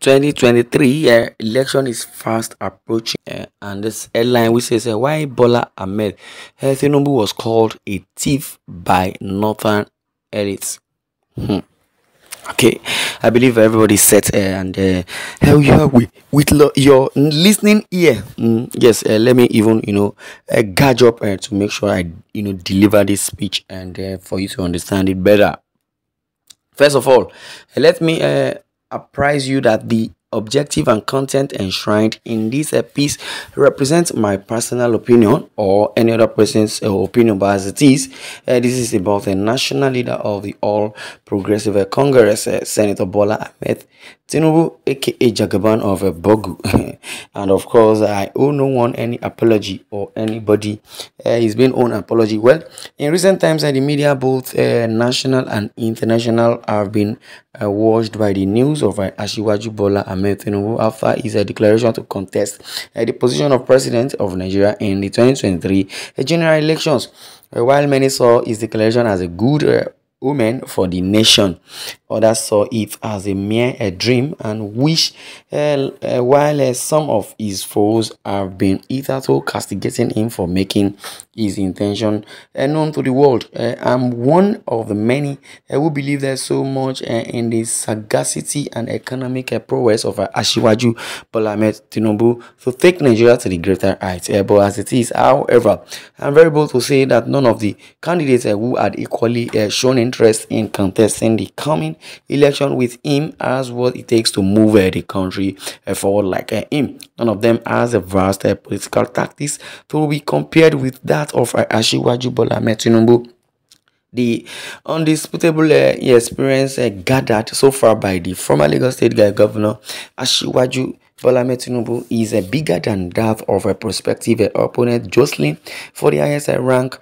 2023 eh, election is fast approaching uh, and this headline which says uh, why Bola Ahmed Tinubu was called a thief by northern elites hmm. okay i believe everybody's set and hell yeah with, your listening ear mm, yes let me even you know uh, gauge up to make sure i you know deliver this speech and for you to understand it better first of all let me apprise you that the objective and content enshrined in this piece represent my personal opinion or any other person's uh, opinion but as it is uh, this is about the national leader of the all progressive congress uh, senator bola ahmed tinubu aka jagaban of uh, bogu and of course i owe no one any apology or anybody he's uh, been own apology well in recent times uh, the media both uh, national and international have been washed by the news of uh, ashiwaju bola ahmed Ahmed Tinubu after his uh, declaration to contest uh, the position of President of Nigeria in the 2023 general elections. Uh, while many saw his declaration as a good women for the nation. Others saw it as a mere a dream and wish, uh, uh, while uh, some of his foes have been hitherto castigating him for making his intention known to the world. I'm one of the many who believe there's so much in the sagacity and economic prowess of Ashiwaju Bolamet Tinubu to take Nigeria to the greater heights. but as it is, however, I'm very bold to say that none of the candidates who had equally shown in interest in contesting the coming election with him as what it takes to move uh, the country uh, forward like uh, him. None of them has a vast uh, political tactics to be compared with that of uh, Ashiwaju Bola the undisputable uh, experience uh, gathered so far by the former Lagos State Governor Ashiwaju Bola Tinubu is a bigger than that of a prospective opponent jostling for the ISI rank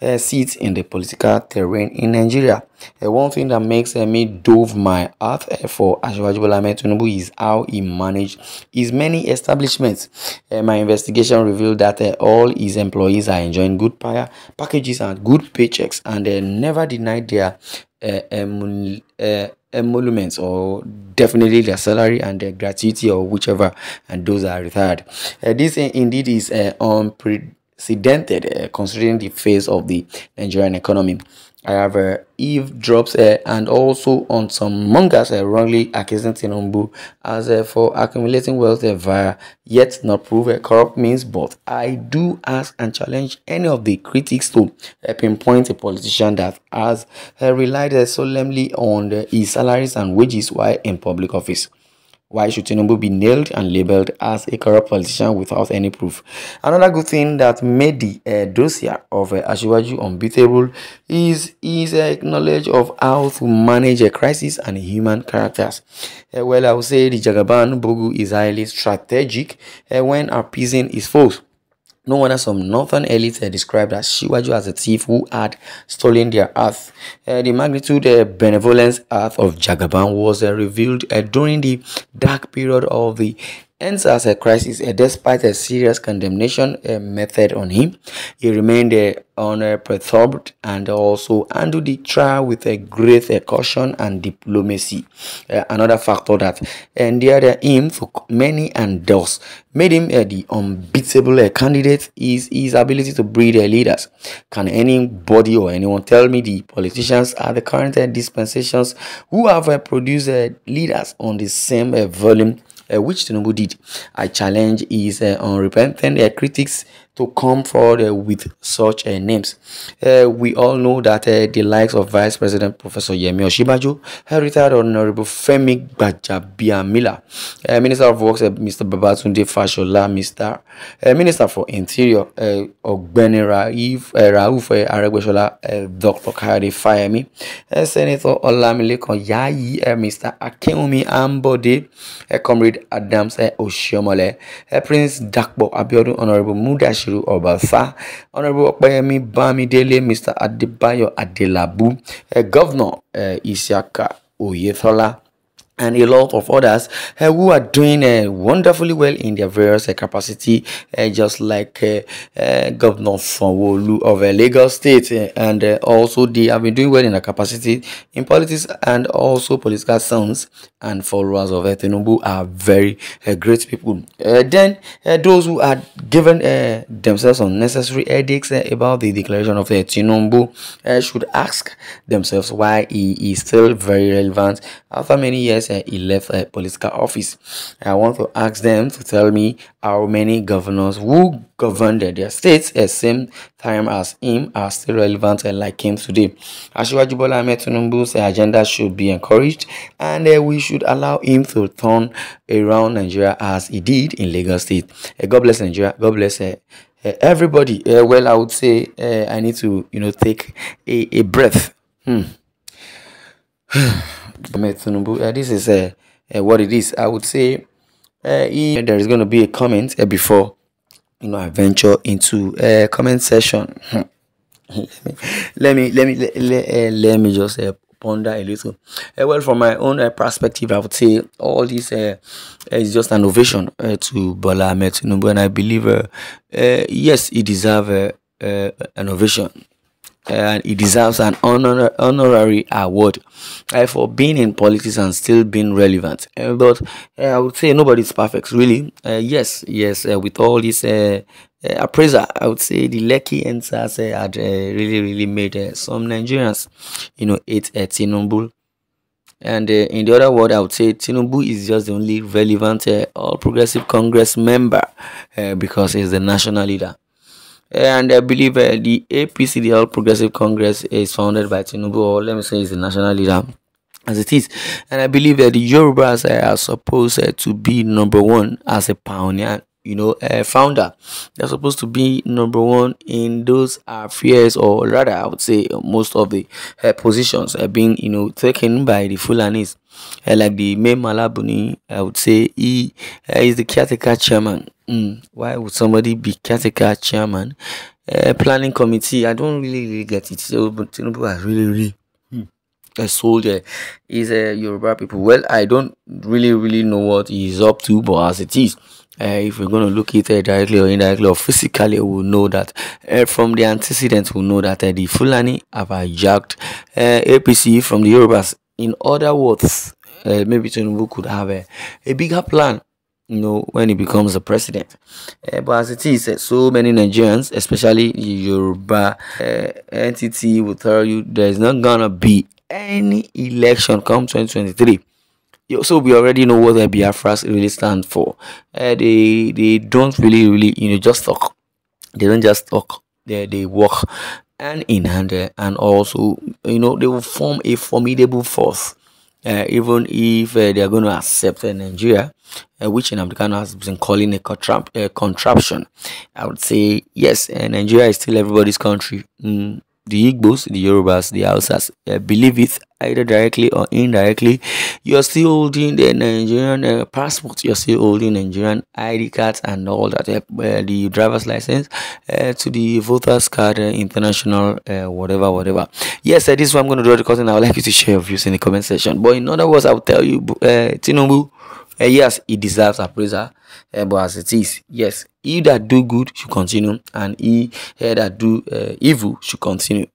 uh, seats in the political terrain in Nigeria. Uh, one thing that makes uh, me dove my heart uh, for Ashwaji Bola Tinubu is how he managed his many establishments. Uh, my investigation revealed that uh, all his employees are enjoying good pay, packages and good paychecks and never denied their uh, um, uh, emoluments or definitely their salary and their gratuity or whichever and those are retired uh, this indeed is uh, unprecedented uh, considering the phase of the nigerian economy I have uh, eavesdrops uh, and also on some mongers uh, wrongly accusing Tinubu as uh, for accumulating wealth uh, via yet not prove uh, corrupt means. But I do ask and challenge any of the critics to uh, pinpoint a politician that has uh, relied uh, solemnly on the, uh, his salaries and wages while in public office. Why should Tinubu be nailed and labeled as a corrupt politician without any proof? Another good thing that made the uh, dossier of uh, Ashiwaju unbeatable is his uh, knowledge of how to manage a crisis and human characters. Uh, well, I would say the Jagaban Bogu is highly strategic uh, when appeasing his foes. No wonder some northern elites described as Shiwaju as a thief who had stolen their earth. Uh, the magnitude uh, benevolence earth of Jagaban was uh, revealed uh, during the dark period of the ends as a crisis uh, despite a serious condemnation uh, method on him. He remained uh, eh, unperturbed and also handled the trial with a great caution and diplomacy. another factor that endeared him for many and thus made him the unbeatable candidate is his ability to breed leaders. Can anybody or anyone tell me the politicians are the current dispensations who have produced leaders on the same volume uh, which Tinubu did. I challenge his uh, unrepentant uh, critics to come forward uh, with such uh, names. Uh, we all know that uh, the likes of Vice President Professor Yemi Osinbajo, uh, retired Honorable Femi Gbajabiamila, uh, Minister of Works Mr. Babatunde Fashola, Mr. Minister for Interior Ogbeni Raif Rauf Aregbesola, Dr. Kari Fayemi, Senator Olamilekan Yayi, Mr. Akinwumi Ambode, Comrade Adams Oshiomole, Prince Dakbo Abiodun Honorable Mudashi Bashiru Obasa, Honorable Opeyemi Bamidele, Mr. Adebayo Adelabu, uh, Governor uh, Isiaka Oyetola, and a lot of others uh, who are doing uh, wonderfully well in their various uh, capacity just like governor of a legal Lagos State and also they have been doing well in their capacity in politics and also political sons and followers of Etenobu are very great people then those who are given themselves unnecessary headaches about the declaration of uh, should ask themselves why he is still very relevant after many years he left a political office. I want to ask them to tell me how many governors who governed their states at the same time as him are still relevant and like him today. Asiwaju Bola Ahmed The agenda should be encouraged and uh, we should allow him to turn around Nigeria as he did in Lagos State. Uh, God bless Nigeria. God bless uh, everybody. well, I would say I need to, you know, take a, a breath. Hmm. this is uh, uh, what it is. I would say uh, there is going to be a comment uh, before you know I venture into a uh, comment session. let me let me let, let, uh, let me just ponder a little. well, from my own perspective, I would say all this is just an ovation to Bola Ahmed and I believe yes, he deserves an ovation and he deserves an honor, honorary award uh, for being in politics and still being relevant. Uh, but uh, I would say nobody's perfect, really. yes, yes, with all this appraiser, I would say the lucky answers had really, really made some Nigerians, you know, hate uh, Tinubu. And in the other word, I would say Tinubu is just the only relevant All Progressive Congress member because he's the national leader and I believe uh, the APC, the All Progressive Congress, is founded by Tinubu, or let me say, is the national leader as it is. And I believe that the Yorubas uh, are supposed uh, to be number one as a pioneer you know uh, founder they're supposed to be number one in those affairs or rather i would say most of the uh, positions are eh, being you know taken by the fulanis uh, like the main malabuni i would say he uh, is the caretaker chairman mm, why would somebody be caretaker chairman uh, planning committee i don't really, really get it so but tinubu has really really a soldier is a Yoruba people. Well, I don't really, really know what he's up to, but as it is, uh, if we're going to look at it eh, directly or indirectly or physically, we'll know that uh, from the antecedents, we'll know that uh, the Fulani have hijacked APC from the Yorubas. In other words, maybe Tinubu could have a, a bigger plan you know, when he becomes the president. Uh, but as it is, uh, so many Nigerians, especially Yoruba uh, entity, will tell you there's not gonna be any election come 2023 you also we already know what the biafras really stand for uh, they they don't really really you know just talk they don't just talk they, they work and in hand uh, and also you know they will form a formidable force uh, even if uh, they are going to accept uh, Nigeria, which in Africa has been calling a, contraption, I would say yes, Nigeria is still everybody's country. Mm, the Igbos, the Yorubas, the Hausas uh, believe it either directly or indirectly. You're still holding the Nigerian uh, passport, you're still holding Nigerian ID cards and all that, uh, the driver's license uh, to the voter's card, uh, international, uh, whatever, whatever. Yes, uh, this is what I'm going to do. the I would like you to share your views in the comment section. But in other words, I will tell you, Tinubu uh, yes, he deserves a uh, eh, but as it is, yes, he that do good should continue, and he uh, that do evil should continue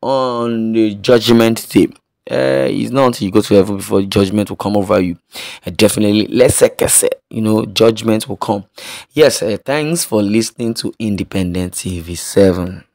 on the judgment day. it's not until you go to heaven before judgment will come over you. definitely, let's say, you know, judgment will come. Yes, thanks for listening to Independent TV 7.